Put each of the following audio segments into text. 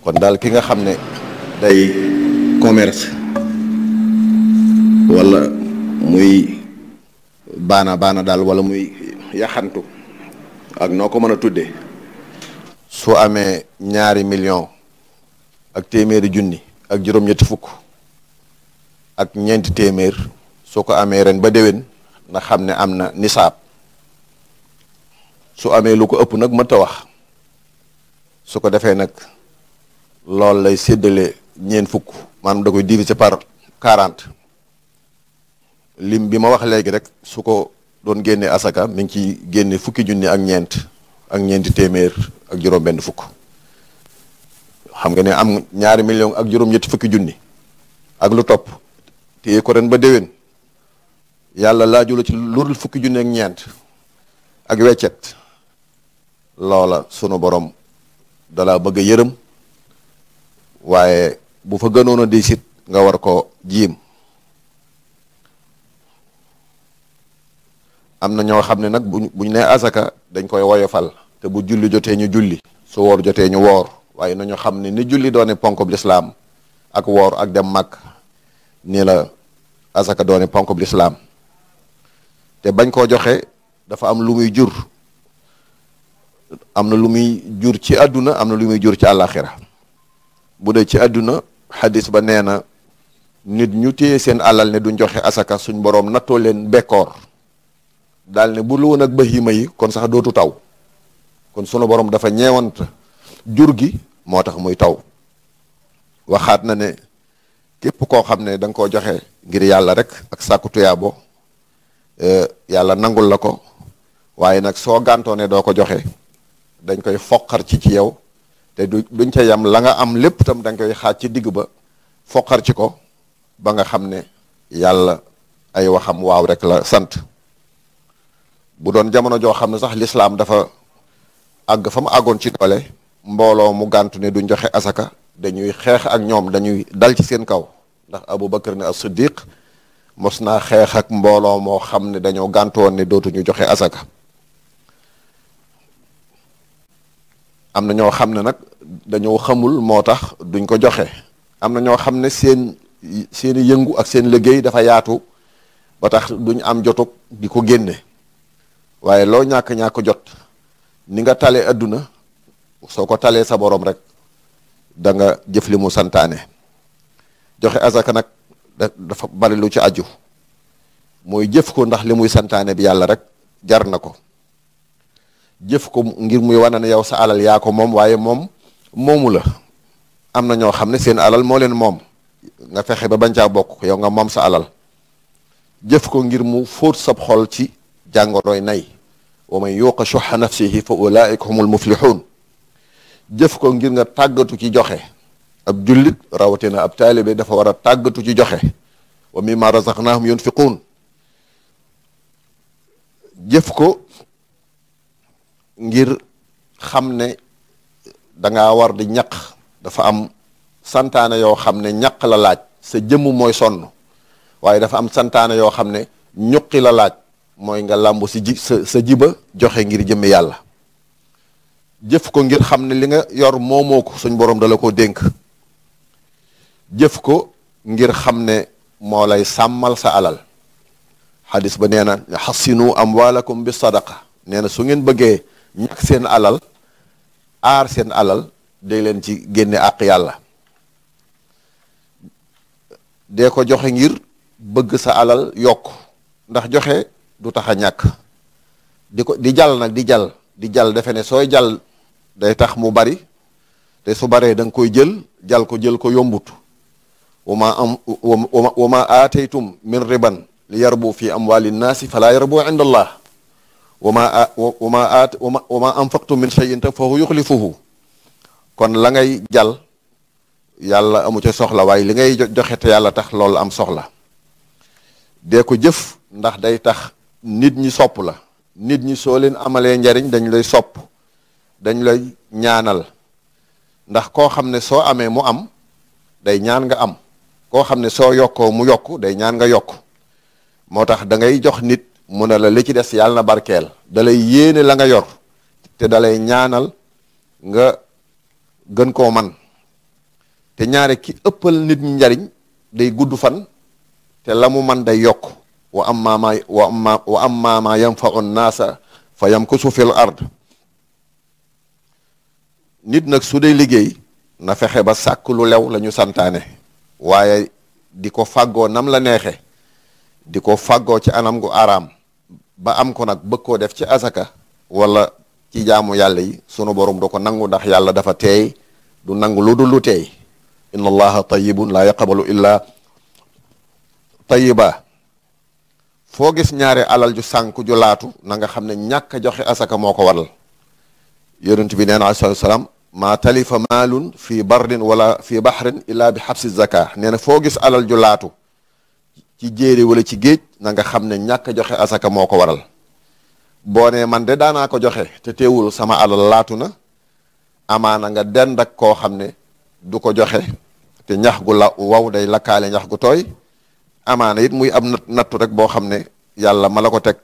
kon daal ki nga xam ne day commerce wala muy baana baana daal wala muy yaxantu ak noo ko mën a tuddee su amee ñaari million ak téeméeri junni ak juróom-ñetti fukk ak ñeenti téeméer su ko amee ren ba déwén na xam ne am na nisaab su amee lu ko ëpp nag mënta wax su ko defee nag loolu lay séddale ñeent fukk maanaam da koy diviser par quarante lim bi ma wax léegi rek su ko doon génnee asaka mi ngi ci génne fukki junni ak ñeent ak ñeenti téeméer ak juróom-benn fukk xam nga ne am ñaari million ak juróom-ñetti fukki junni ak lu topp téye ko ren ba déwén yàlla laaju la ci lurul fukki junni ak ñeent ak weccet loola sunu borom dalaa bëgg yërëm waaye bu fa gënoon a diisit nga war ko jiim am na ñoo xam ne nag buñ buñ nee asaka dañ koy woyofal te bu julli jotee ñu julli soo woor jotee ñu woor waaye nañu xam ne ni julli doone ponkub lislaam ak woor ak dem mag nii la asaka doone ponkub lislaam te bañ koo joxe dafa am lu jur am na lu muy jur ci àdduna am na lu muy jur ci àllaaxira bu dee ci àdduna xadis ba nee na nit ñu téye seen alal ne duñ joxe asaka suñ boroom natto leen bekkoor daal ne bu lu woon ak bahima yi kon sax dootu taw kon sunu boroom dafa ñeewant jur gi moo tax muy taw waxaat na ne képp koo xam ne da nga koo joxe ngir yàlla rek ak sàkku tuyaabo eh, yàlla nangul la ko waaye nag soo gantoonee doo ko joxe dañ koy foqar ci ci yow te du duñ ca yam la nga am lépp tam da koy xaaj ci digg ba foqar ci ko ba nga xam ne yàlla ay waxam waaw rek la sant bu doon jamono joo xam ne sax lislaam dafa àgg fa mu àggoon ci doole mbooloo mu gàntu ne duñ joxe asaka dañuy xeex ak ñoom dañuy dal ci seen kaw ndax Abu Bakar ne as-Siddiq mos naa xeex mbooloo moo xam ne dañoo gàntu woon ne dootuñu joxe asaka am na ñoo xam ne nag dañoo xamul moo tax duñ ko joxe am na ñoo xam ne seen seen yëngu ak seen liggéey dafa yaatu ba tax duñ am jotu di ko génne waaye loo ñàkk ñàkk jot ni nga talee adduna soo ko talee sa borom rek danga nga jëf li santaane joxe azaka nag dafa bari lu ci aju mooy jëf ko ndax li muy santaane bi yàlla rek jar na ko jëf ko ngir muy wane ne yow sa alal yaa ko moom waaye moom moomu la am na ñoo xam ne seen alal moo leen moom nga fexe ba bañ caa bokk yow nga moom sa alal jëf ko ngir mu fóot sab xol ci jàngoroy nay wa man yuuqa shuxa nafsihi fa ulaika humul muflixuun jëf ko ngir nga tàggatu ci joxe ab jullit rawatina ab taalibe dafa war a tàggatu ci joxe wa mimma razaqnahum yunfiquun jëf ko ngir xam ne danga war di ñaq dafa am santaane yoo xam ne ñaq la laaj sa jëmm mooy sonn waaye dafa am santaane yoo xam ne ñuqi la laaj mooy nga làmb si ji sa sa jiba joxe ngir jëmmi yàlla jëf ko ngir xam ne li nga yor moomoo ko suñ borom dala ko dénk jëf ko ngir xam ne moo lay sàmmal sa alal xadis ba nee na xasinu amwaalakum bi sadaqa nee na su ngeen bëggee ñàkk seen alal aar seen alal dee leen ci génne àq yàlla dee ko joxe ngir bëgg sa alal yokk ndax joxe du tax a ñàkk di ko di jàll nag di jal di jàll defe ne sooy jàll day tax mu bari te su baree da nga koy jël jal ko jël ko yombut wa ma am wa ma aataytum min riban li yarbu fi amwali nnaasi fala yarbu inda allah wa ma wa ma aat wa ma anfaqtum min shay'in fa huwa yukhlifuhu kon la ngay jàll yàlla amu ca soxla waaye li ngay joxe te yàlla tax loolu am soxla dee jëf ndax day tax nit ñi sopp la nit ñi soo leen amalee njariñ dañ lay sopp dañ lay ñaanal ndax koo xam ne soo amee mu am day ñaan nga am koo xam ne soo yokkoo mu yokk day ñaan nga yokk moo tax da jox nit mu ne la li ci des yàlla na barkeel dalay yéene la nga yor te dalay ñaanal nga gën koo man te ñaare ki ëppal nit ñi njariñ day gudd fan te lamu man day yokk wa amma ma wa fa wa amma ma yanfa'u naasa fa yamkusu fil ard nit nag su liggéey na fexe ba sàkk lew la ñu santaane waaye di ko fàggoo nam la neexe di ko fàggoo ci anam gu araam ba am ko nag bëgg koo def ci asaka wala ci jaamu yàlla yi sunu borom du ko nangu ndax yàlla dafa teey du nangu lu dul lu teey inna allaha tayyibun la yaqbalu illa tayyiba foo gis ñaari alal ju sànk ju laatu na nga xam ne ñàkk a joxe asaka moo ko waral yonent bi neen na alayhi salaam maa talifa maalun fi barrin wala fi bahrin illa bi xabsi zaka nee na foo gis alal ju laatu ci jéere wala ci géej na nga xam ne ñàkk joxe asaka moo ko waral boo ne man de daanaa ko joxe te teewul sama alal laatu na amaana nga dend ak koo xam ne du ko joxe te ñax gu la waw day lakkaale ñax gu tooy amaana it muy ab nattu rek boo xam ne yàlla ma la ko teg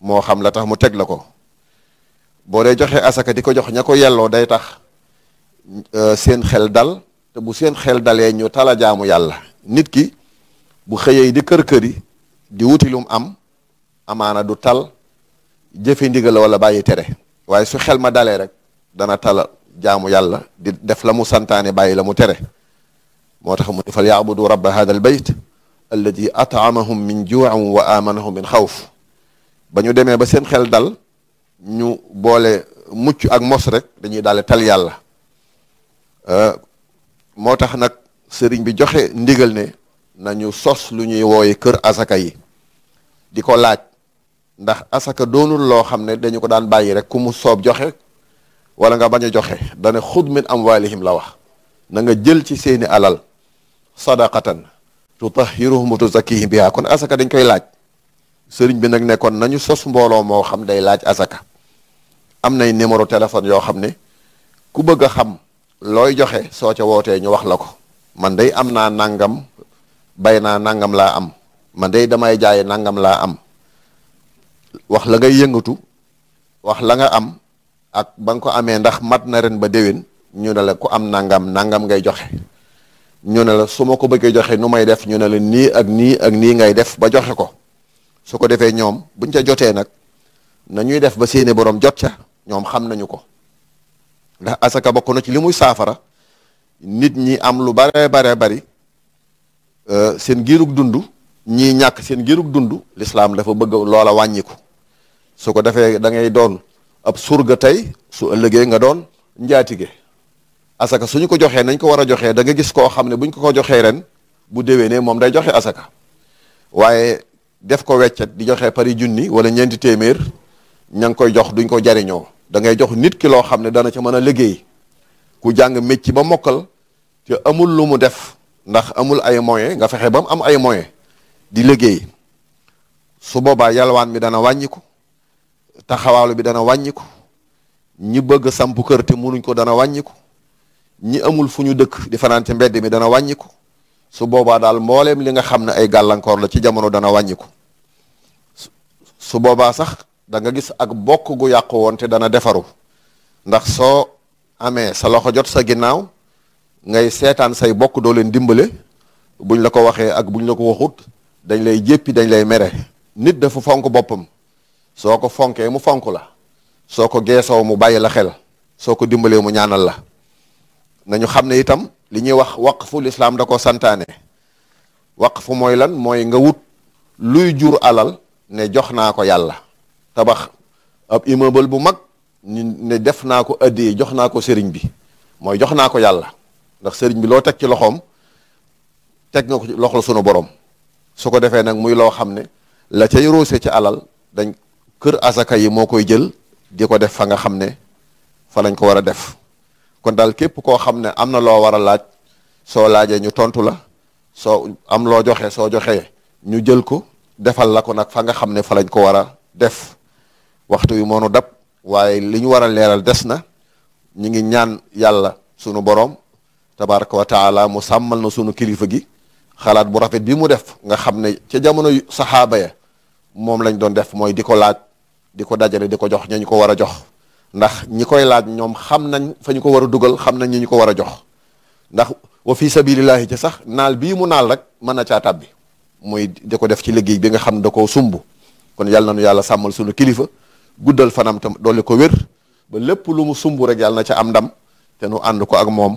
moo xam la tax mu teg la ko boo dee joxe asaka di ko jox ña ko yelloo day tax euh, seen xel dal te bu seen xel dalee ñu tala jaamu yàlla nit ki bu xëyee di kër kër yi di wuti lum am amaana du tal jëfe ndigal la wala bàyyi tere waaye su xel ma dalee rek dana tal jaamu yàlla di def la mu santaane bàyyi la mu tere moo tax mu ne fal yaabudu rabba hada al bayt alladi ataamahum min juuin wa amanahum min xawf ba ñu demee ba seen xel dal ñu boole mucc ak mos rek dañuy daale tal yàlla moo tax nag sëriñ bi joxe ndigal ne nañu sos lu ñuy wooye kër asaka yi di ko laaj ndax asaka doonul loo xam ne dañu ko daan bàyyi rek ku mu soob joxe wala nga bañ a joxe dana xut xud min amwalihim la wax na nga jël ci seeni alal sadaqatan tutahhiruhum wa tuzakkihim biha kon asaka dañ koy laaj sëriñ bi nag ne kon nañu sos mbooloo moo xam day laaj asaka am nay numéro téléphone yoo xam ne ku bëgg a xam looy joxe soo ca wootee ñu wax la ko man day am naa nangam bay naa nangam laa am ma de damay jaaye nangam laa am wax la ngay yëngatu wax la nga am ak ba nga ko amee ndax mat na ren ba déwén ñu ne la ku am nangam nangam ngay joxe ñu ne la su ma ko bëggee joxe nu may def ñu ne la nii ak nii ak nii ngay def ba joxe ko su ko defee ñoom buñ ca jotee nag na ñuy def ba seeni borom jot ca ñoom xam nañu ko ndax asaka bokk na ci li muy saafara nit ñi am lu bare bare bari Euh, seen giirug dund ñi ñàkk seen giirug dund lislaam dafa bëgg loola wàññiku soo ko defee da ngay doon ab surga tey su ëllëgee nga doon njaatige asaka ñu ko joxee nañ ko war a joxee da nga gis koo xam ne buñ ko ko joxee ren bu déwénee moom day joxe asaka waaye def ko weccet di joxe pari junni wala ñeenti téeméer ña ngi koy jox duñ ko jariñoo da ngay jox nit ki loo xam ne dana ca mën a liggéey ku jàng mécc ba mokkal te amul lu mu def ndax amul ay moyen nga fexe ba mu am ay moyen di liggéey su boobaa yalwaan mi dana wàññiku taxawaalu bi dana wàññiku ñi bëgg samp kër te ko dana wàññiku ñi amul fu ñu dëkk di fanaan ci mbedd mi dana wàññiku su boobaa daal mbooleem li nga xam ne ay gàllankoor la ci jamono dana wàññiku su boobaa sax danga gis ak bokk gu yàqu woon te dana defaru ndax soo amee sa loxo jot sa ginnaaw ngay seetaan say bokk doo leen dimbale buñ la ko waxee ak buñ la ko waxut dañ lay jéppi dañ lay mere nit dafa fonk boppam soo ko fonkee mu fonk la soo ko geesoo mu bàyyi la xel soo ko dimbalee mu ñaanal la nañu xam ne itam li ñuy wax fu lislaam da ko santaane waqfu mooy lan mooy nga wut luy jur alal ne jox naa ko yàlla tabax ab immeuble bu mag ne def naa ko addiye jox naa ko sëriñ bi mooy jox naa ko yàlla ndax sëriñ bi loo teg ci loxoom teg nga ko ci loxol sunu borom su ko defee nag muy loo xam ne la cay roose ci alal dañ kër asaka yi moo koy jël di ko def fa nga xam ne fa lañ ko war a def kon daal képp koo xam ne am na loo war a laaj soo laajee ñu tontu la soo am loo joxe soo joxee ñu jël ko defal la ko nag fa nga xam ne fa lañ ko war a def waxtu wi moo nu dab waaye li ñu war a leeral des na ñu ngi ñaan yàlla sunu borom. tabaraka wa taala mu sàmmal na sunu kilifa gi xalaat bu rafet bii mu def nga xam ne ca jamono saxaaba ya moom lañ doon def mooy di ko laaj di ko dajale di ko jox ña ko war a jox ndax ñi koy laaj ñoom xam nañ fa ñu ko war a dugal xam nañ ñi ñu ko war a jox ndax wa fi sabilillahi ci sax naal bii mu naal rek mën na caa tàbbi mooy di ko def ci liggéey bi nga xam ne da koo sumb kon yàlla nañu yàlla sàmmal sunu kilifa guddal fanam tam doole ko wér ba lépp lu mu sumb rek yàlla na ca am ndam te ànd ko ak moom